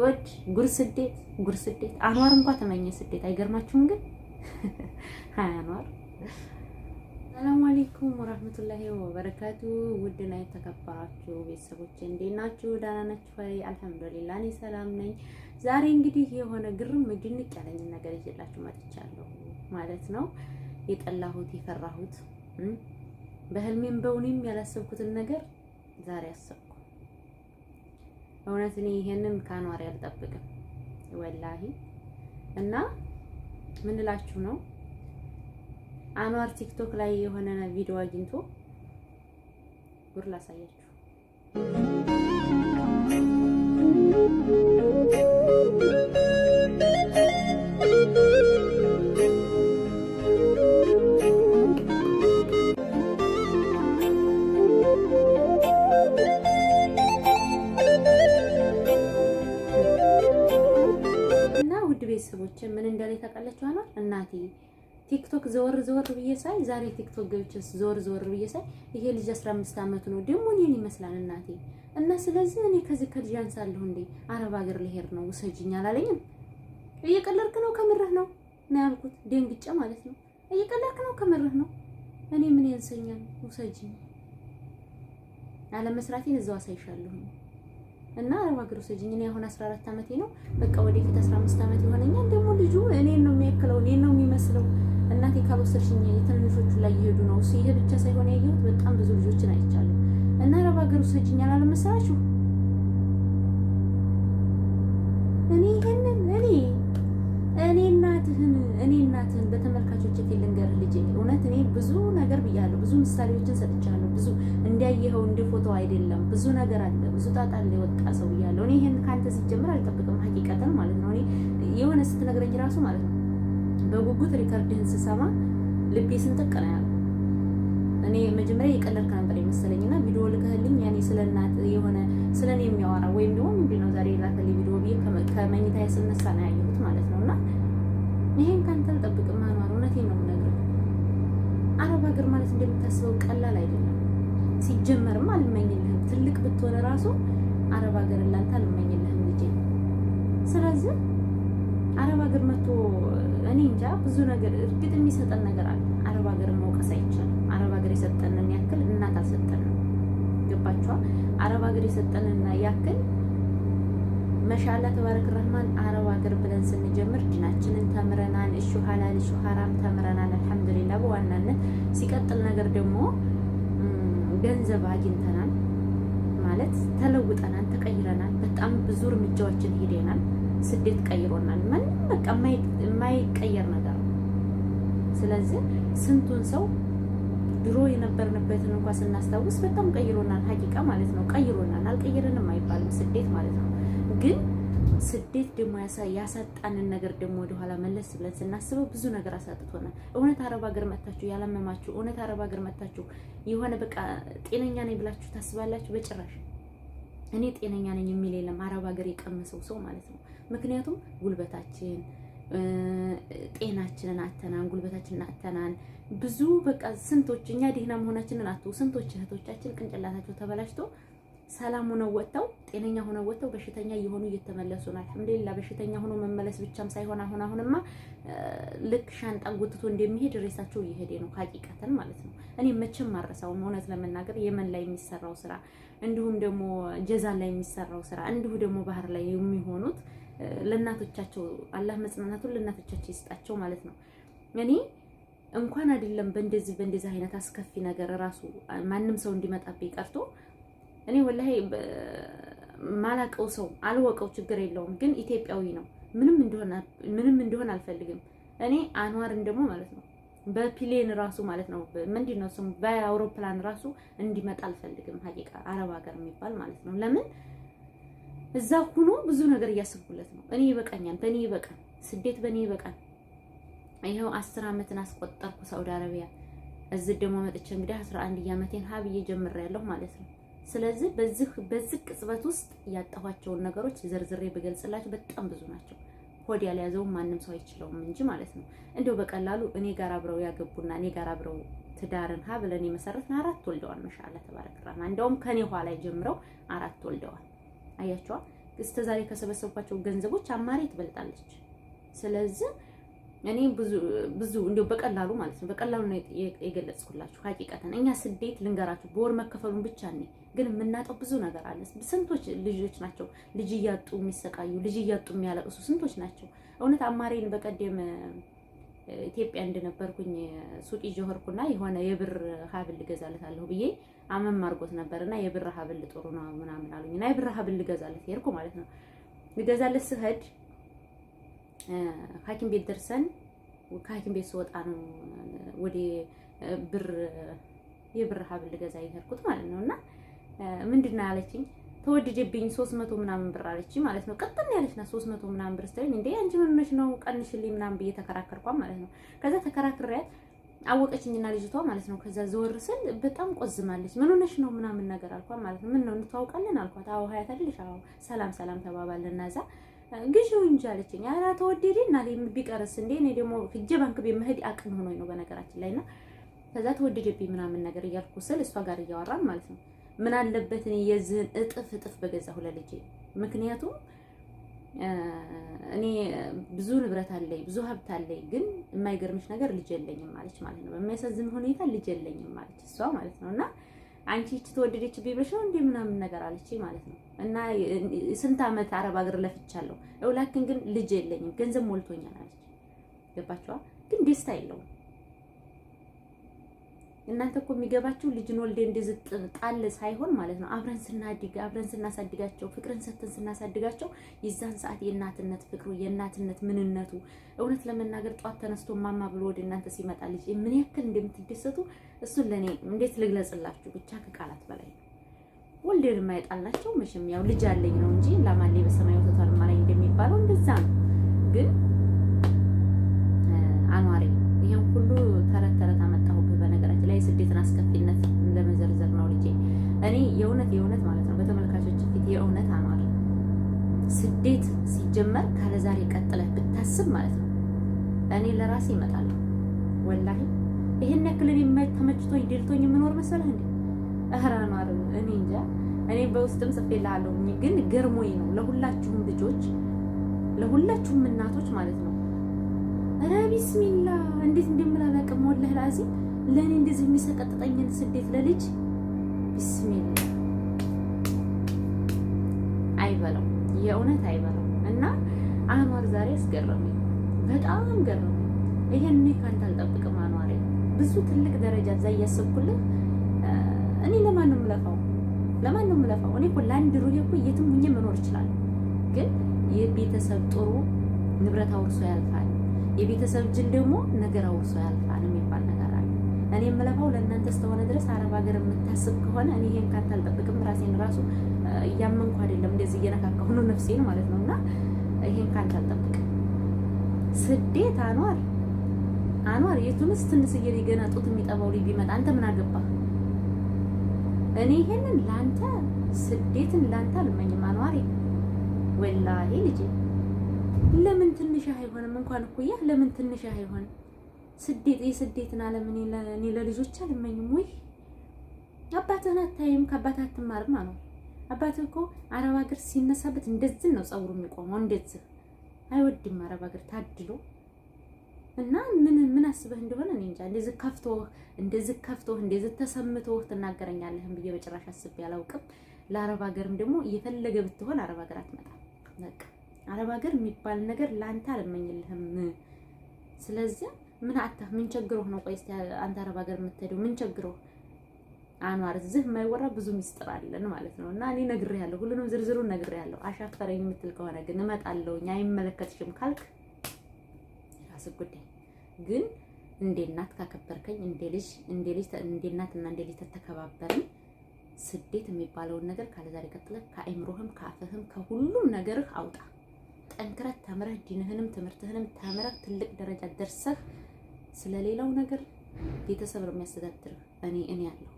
ጉድ ጉር ስደት ጉር ስደት አኗር እንኳ ተመኘ ስደት አይገርማችሁም? ግን አኗር ሰላም አለይኩም ወራህመቱላሂ ወበረካቱ። ውድና የተከበራችሁ ቤተሰቦች እንዴት ናችሁ? ደህና ናችሁ ወይ? አልሐምዱሊላህ እኔ ሰላም ነኝ። ዛሬ እንግዲህ የሆነ ግርም ድንቅ ያለኝ ነገር ይዤላችሁ መጥቻለሁ ማለት ነው። የጠላሁት የፈራሁት፣ በህልሜም በእውኔም ያላሰብኩትን ነገር ዛሬ አሰብኩ። እውነት እኔ ይሄንን ከአንዋሪ አልጠብቅም ወላሂ። እና ምን እላችሁ ነው አንዋር ቲክቶክ ላይ የሆነ ቪዲዮ አግኝቶ ጉር ላሳያችሁ ቤተሰቦች ምን እንዳለ ታውቃላችሁ አይደል? እናቴ ቲክቶክ ዘወር ዘወር ብዬ ሳይ ዛሬ ቲክቶክ ገብቼ ዘወር ዘወር ብዬ ሳይ ይሄ ልጅ 15 ዓመቱ ነው ደግሞ እኔን ይመስላል እናቴ። እና ስለዚህ እኔ ከዚህ ከልጅ አንሳለሁ እንዴ? አረብ ሀገር ልሄድ ነው ውሰጅኝ አላለኝም። እየቀለድክ ነው ከምርህ ነው ነው ያልኩት፣ ደንግጬ ማለት ነው። እየቀለድክ ነው ከምርህ ነው። እኔ ምን ያንሰኛል ውሰጅኝ። አለመስራቴን እዛው አሳይሻለሁ። እና አረብ ሀገር ውሰጂኝ። እኔ አሁን 14 ዓመቴ ነው፣ በቃ ወደፊት 15 ዓመት ይሆነኛል። ደግሞ ልጁ እኔን ነው የሚያክለው፣ እኔን ነው የሚመስለው። እናቴ ካልወሰድሽኝ የትንሾቹ ላይ እየሄዱ ነው። እሱ ይሄ ብቻ ሳይሆን ያየሁት በጣም ብዙ ልጆችን አይቻለሁ። እና አረብ ሀገር ውሰጂኝ አላለም መሰላችሁ እኔ ይሄንን እኔ እናትህን እኔ እናትህን በተመልካቾች ፊት ልንገር ልጅ፣ እውነት እኔ ብዙ ነገር ብያለሁ፣ ብዙ ምሳሌዎችን ሰጥቻለሁ። ብዙ እንዲያየኸው እንደ ፎቶ አይደለም፣ ብዙ ነገር አለ፣ ብዙ ጣጣ አለ የወጣ ሰው ብያለሁ። እኔ ይህን ከአንተ ሲጀምር አልጠብቅም፣ ሀቂቀትን ማለት ነው። እኔ የሆነ ስትነግረኝ ራሱ ማለት ነው በጉጉት ሪከርድህን ስሰማ ልቤ ስንጥቅ ነው ያለው። እኔ መጀመሪያ የቀለድክ ነበር የመሰለኝ እና ቪዲዮ ልክህልኝ ያኔ ስለ እናት የሆነ ስለ እኔ የሚያወራ ወይም ደግሞ ምንድን ነው ዛሬ ላከልኝ ቪዲዮ ብዬ ከመኝታዬ ስነሳ ነው ያየሁት ማለት ነው እና ይሄን ካንተ ጠብቅ ማኗር እውነት ነው የምነግርህ። አረብ ሀገር ማለት እንደምታስበው ቀላል አይደለም። ሲጀመርም አልመኝልህም። ትልቅ ብትሆነ ራሱ አረብ ሀገር ላንተ አልመኝልህም ልጄ። ስለዚህ አረብ ሀገር መጥቶ እኔ እንጃ ብዙ ነገር እርግጥ የሚሰጠን ነገር አለ። አረብ ሀገር መውቀስ አይቻልም። አረብ ሀገር የሰጠንን ያክል እናት አልሰጠንም። ገባችኋል? አረብ ሀገር የሰጠንን ያክል መሻላ ተባረክ ረህማን አረብ ሀገር ብለን ስንጀምር ዲናችንን ተምረናል። እሹ ሀላል እሹ ሀራም ተምረናል። አልሐምዱሊላ በዋናነት ሲቀጥል ነገር ደግሞ ገንዘብ አግኝተናል ማለት ተለውጠናል፣ ተቀይረናል። በጣም ብዙ እርምጃዎችን ሄደናል። ስደት ቀይሮናል። ምንም በቃ የማይቀየር ነገር ነው። ስለዚህ ስንቱን ሰው ድሮ የነበርንበትን እንኳ ስናስታውስ በጣም ቀይሮናል። ሀቂቃ ማለት ነው ቀይሮናል። አልቀይረንም አይባልም ስደት ማለት ነው። ግን ስደት ደግሞ ያሳጣንን ነገር ደግሞ ወደኋላ መለስ ብለን ስናስበው ብዙ ነገር አሳጥቶናል። እውነት አረብ ሀገር መታችሁ ያላመማችሁ፣ እውነት አረብ ሀገር መታችሁ የሆነ በቃ ጤነኛ ነኝ ብላችሁ ታስባላችሁ? በጭራሽ። እኔ ጤነኛ ነኝ የሚል የለም አረብ ሀገር የቀመሰው ሰው ማለት ነው። ምክንያቱም ጉልበታችን ጤናችንን አተናን፣ ጉልበታችንን አተናን። ብዙ በቃ ስንቶች እኛ ደህና መሆናችንን አቶ ስንቶች እህቶቻችን ቅንጭላታቸው ተበላሽቶ ሰላሙ ነው ወጥተው ጤነኛ ሆነው ወጥተው በሽተኛ እየሆኑ እየተመለሱ ነው። አልሐምዱሊላ በሽተኛ ሆኖ መመለስ ብቻም ሳይሆን አሁን አሁንማ ልክ ሻንጣ ጎትቶ እንደሚሄድ ሬሳቸው እየሄደ ነው። ሀቂቀትን ማለት ነው። እኔ መቼም አረሳውም እውነት ለመናገር የመን ላይ የሚሰራው ስራ እንዲሁም ደግሞ ጀዛን ላይ የሚሰራው ስራ እንዲሁ ደግሞ ባህር ላይ የሚሆኑት ለእናቶቻቸው አላህ መጽናናቱን ለእናቶቻቸው ይስጣቸው ማለት ነው። እኔ እንኳን አይደለም በእንደዚህ በእንደዚህ አይነት አስከፊ ነገር ራሱ ማንም ሰው እንዲመጣብኝ ቀርቶ እኔ ወላሂ ማላቀው ሰው አልወቀው ችግር የለውም ግን ኢትዮጵያዊ ነው። ምንም እንደሆነ ምንም እንደሆነ አልፈልግም እኔ አንዋርን ደግሞ ማለት ነው በፕሌን ራሱ ማለት ነው ምንድን ነው ስሙ በአውሮፕላን ራሱ እንዲመጣ አልፈልግም። ሀቂቃ አረብ ሀገር የሚባል ማለት ነው ለምን እዛ ሁኖ ብዙ ነገር እያሰብኩለት ነው። እኔ ይበቃኛል፣ በእኔ ይበቃል፣ ስደት በእኔ ይበቃል። ይኸው አስር አመትን አስቆጠርኩ ሳውዲ አረቢያ። እዚህ ደግሞ መጥቼ እንግዲህ አስራ አንድ ዓመቴን ሀብዬ ጀምሬያለሁ ማለት ነው። ስለዚህ በዚህ በዚህ ቅጽበት ውስጥ ያጣኋቸውን ነገሮች ዘርዝሬ ብገልጽላችሁ በጣም ብዙ ናቸው። ሆድ ያልያዘውን ማንም ሰው አይችለውም እንጂ ማለት ነው። እንደው በቀላሉ እኔ ጋር አብረው ያገቡና እኔ ጋር አብረው ትዳርን ሀ ብለን የመሰረትን አራት ወልደዋል። መሻላ ተባረክ ራማ እንደውም ከኔ ኋላ ጀምረው አራት ወልደዋል። አያቸዋ እስከ ዛሬ ከሰበሰብኳቸው ገንዘቦች አማሬ ትበልጣለች። ስለዚህ እኔ ብዙ ብዙ እንደው በቀላሉ ማለት ነው በቀላሉ ነው የገለጽኩላችሁ። ሀቂቀተን እኛ ስዴት ልንገራችሁ በወር መከፈሉን ብቻ እኔ ግን የምናጠው ብዙ ነገር አለ። ስንቶች ልጆች ናቸው ልጅ እያጡ የሚሰቃዩ ልጅ እያጡ የሚያለቅሱ ስንቶች ናቸው። እውነት አማሬን በቀደም ኢትዮጵያ እንደነበርኩኝ ሱቅ ይዤ የሆነ የብር ሀብል ልገዛለታለሁ ብዬ አመም አድርጎት ነበርና የብር ሀብል ጥሩ ነው ምናምን አሉኝ እና የብር ሀብል ልገዛለት ሄድኩ ማለት ነው። ልገዛለት ስሄድ ሐኪም ቤት ደርሰን ከሐኪም ቤት ስወጣ ነው ወደ ብር የብር ሀብል ልገዛ የሄድኩት ማለት ነው እና ምንድን ነው ያለችኝ? ተወደደብኝ ሶስት መቶ ምናምን ብር አለችኝ ማለት ነው። ቀጥን ያለች ናት ሶስት መቶ ምናምን ብር ስትለኝ እንዴ አንቺ ምን ሆነሽ ነው ቀንሽልኝ ምናምን ብዬ ተከራከርኳት ማለት ነው። ከዛ ተከራክሬያት አወቀችኝና ልጅቷ ማለት ነው። ከዛ ዘወር ስል በጣም ቆዝማለች። ምን ሆነሽ ነው ምናምን ነገር አልኳ ማለት ነው። ምን ነው እንተዋውቃለን አልኳት። አዎ ሀያት አይደለሽ? አዎ ሰላም ሰላም ተባባልና እዛ ግዢው እንጂ አለችኝ። ኧረ ተወደደ እና ቢቀርስ እንዴ እኔ ደግሞ ሂጅ ባንክ ቤት መሄድ አቅም ሆኖኝ ነው በነገራችን ላይ እና ከዛ ተወደደብኝ ምናምን ነገር እያልኩ ስል እሷ ጋር እያወራን ማለት ነው ምን አለበት እኔ የዚህን እጥፍ እጥፍ በገዛሁ ለልጄ። ምክንያቱም እኔ ብዙ ንብረት አለኝ፣ ብዙ ሀብት አለኝ፣ ግን የማይገርምሽ ነገር ልጅ የለኝም ማለች ማለት ነው። በሚያሳዝን ሁኔታ ልጅ የለኝም ማለች እሷ ማለት ነው። እና አንቺ ይቺ ተወደደች ቢብሽ ነው እንዴ ምናምን ነገር አለች ማለት ነው። እና ስንት ዓመት አረብ ሀገር ለፍቻለሁ፣ እውላክን ግን ልጅ የለኝም፣ ገንዘብ ሞልቶኛል አለች። ገባችኋ? ግን ደስታ የለውም እናንተ እኮ የሚገባችሁ ልጅን ወልዴ እንደዚህ ጣል ሳይሆን ማለት ነው አብረን ስናድግ አብረን ስናሳድጋቸው ፍቅርን ሰጥተን ስናሳድጋቸው የዛን ሰዓት የእናትነት ፍቅሩ የእናትነት ምንነቱ እውነት ለመናገር ጧት ተነስቶ ማማ ብሎ ወደ እናንተ ሲመጣ ልጅ ምን ያክል እንደምትደሰቱ እሱን ለእኔ እንዴት ልግለጽላችሁ ብቻ ከቃላት በላይ ነው። ወልዴን የማይጣላቸው መቼም ያው ልጅ አለኝ ነው እንጂ ላማሌ በሰማይ ወተቷል ማላይ እንደሚባለው እንደዛ ነው። ግን አኗሪ ይሄም ሁሉ የስደትን አስከፊነት ለመዘርዘር ነው ልጄ። እኔ የእውነት የእውነት ማለት ነው በተመልካቾች ፊት የእውነት አማር ስደት ሲጀመር ካለ ዛሬ ቀጥለህ ብታስብ ማለት ነው እኔ ለራሴ ይመጣለሁ ወላሂ ይህን ያክል እኔ ተመችቶኝ ደልቶኝ የምኖር መሰለህ እንዴ? እህራ ነው እኔ እንጃ። እኔ በውስጥም ጽፌልሃለሁ፣ ግን ገርሞኝ ነው ለሁላችሁም ልጆች ለሁላችሁም እናቶች ማለት ነው። ኧረ ቢስሚላ እንዴት እንደምላላቅም ወላህ ላዚ ለእኔ እንደዚህ የሚሰቀጥጠኝን ስደት ለልጅ ቢስሚል አይበለው፣ የእውነት አይበለው። እና አኗር ዛሬ አስገረመኝ፣ በጣም ገረመኝ። ይሄን እኔ ካንተ አልጠብቅም አኗሬ፣ ብዙ ትልቅ ደረጃ እዛ እያሰብኩልህ እኔ ለማን ነው የምለፋው? ለማን ነው የምለፋው? እኔ እኮ ለአንድ ሩህ እኮ የትም ሁኜ መኖር ይችላል። ግን የቤተሰብ ጥሩ ንብረት አውርሶ ያልፋል፣ የቤተሰብ ጅል ደግሞ ነገር አውርሶ ያልፋል። እኔ የምለፋው ለእናንተ እስከሆነ ድረስ አረብ ሀገር የምታስብ ከሆነ እኔ ይሄን ካንተ አልጠብቅም። ራሴን ራሱ እያመንኩ አይደለም እንደዚህ እየነካካሁ ነው ነፍሴን ማለት ነው። እና ይሄን ካንተ አልጠብቅም። ስደት አኗር አኗር የቱንስ ትንስዬ ልጅ ገና ጡት የሚጠባው ልጅ ቢመጣ አንተ ምን አገባህ? እኔ ይሄንን ላንተ ስደትን ላንተ አልመኝም አኗሪ ወላሂ ልጄ። ለምን ትንሽ አይሆንም? እንኳን እኮ ለምን ትንሽ አይሆንም? ስደት የስደትን ዓለም እኔ ለልጆች አልመኝም። ውይ አባትህን አታይም ከአባትህ አትማርማ ነው። አባት እኮ አረብ ሀገር ሲነሳበት እንደዚህ ነው ፀጉሩ የሚቆመው እንደዚህ አይወድም። አረብ ሀገር ታድሎ እና ምን ምን አስበህ እንደሆነ እኔ እንጃ። እንደዚህ ከፍቶህ እንደዚህ ከፍቶህ እንደዚህ ተሰምቶህ ትናገረኛለህን ብዬ በጭራሽ አስቤ አላውቅም። ለአረብ ሀገርም ደግሞ እየፈለገ ብትሆን አረብ ሀገር አትመጣም። በቃ አረብ ሀገር የሚባል ነገር ለአንተ አልመኝልህም። ስለዚህ ምን አታህ ምን ቸግሮህ ነው? ቆይ እስኪ አንተ አረብ ሀገር የምትሄደው ምን ቸግሮህ? አኗር ዝህ የማይወራ ብዙ ሚስጥር አለን ማለት ነው። እና እኔ ነግሬሃለሁ፣ ሁሉንም ዝርዝሩን ነግሬሃለሁ። አሻፈረኝ የምትል ከሆነ ግን እመጣለሁኝ አይመለከትሽም ካልክ ራስህ ጉዳይ ግን እንደ እናት ካከበርከኝ እንደ ልጅ እንዴ ልጅ እንደ እናትና እንደ ልጅ ተተከባበርን ስደት የሚባለውን ነገር ካለዛሬ ቀጥለህ ከአይምሮህም ከአፍህም ከሁሉም ነገርህ አውጣ። ጠንክረህ ተምረህ ዲንህንም ትምህርትህንም ተምረህ ትልቅ ደረጃ ደርሰህ ስለሌላው ነገር ቤተሰብ ነው የሚያስተዳድርህ። እኔ እኔ ያለሁ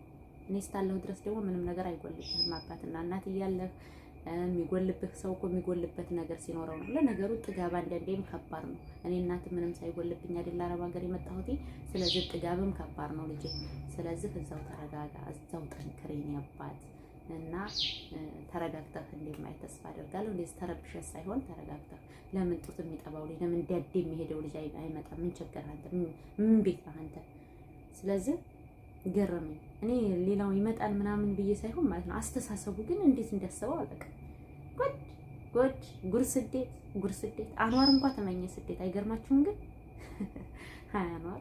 እኔ እስካለሁ ድረስ ደግሞ ምንም ነገር አይጎልብህም። አባትና እናት እያለህ የሚጎልብህ ሰው እኮ የሚጎልበት ነገር ሲኖረው ነው። ለነገሩ ጥጋብ አንዳንዴም ከባድ ነው። እኔ እናት ምንም ሳይጎልብኝ አይደል አረብ ሀገር የመጣሁት። ስለዚህ ጥጋብም ከባድ ነው ልጄ። ስለዚህ እዛው ተረጋጋ፣ እዛው ጠንክሬ ነው እና ተረጋግተህ እንደማየት ተስፋ አደርጋለሁ። እንደዚህ ተረብሸህ ሳይሆን ተረጋግተህ ለምን ጡት የሚጠባው ልጅ ለምን ዳዴ የሚሄደው ልጅ አይመጣም? ምን ቸገረህ አንተ? ምን ቤት ነህ አንተ? ስለዚህ ገረመኝ። እኔ ሌላው ይመጣል ምናምን ብዬ ሳይሆን ማለት ነው አስተሳሰቡ ግን እንዴት እንዳሰበው አላውቅም። ጎድ ጎድ ጉር ስዴት ጉር ስዴት። እንኳ ተመኘ ስዴት አይገርማችሁም? ግን ሀያ አንዋር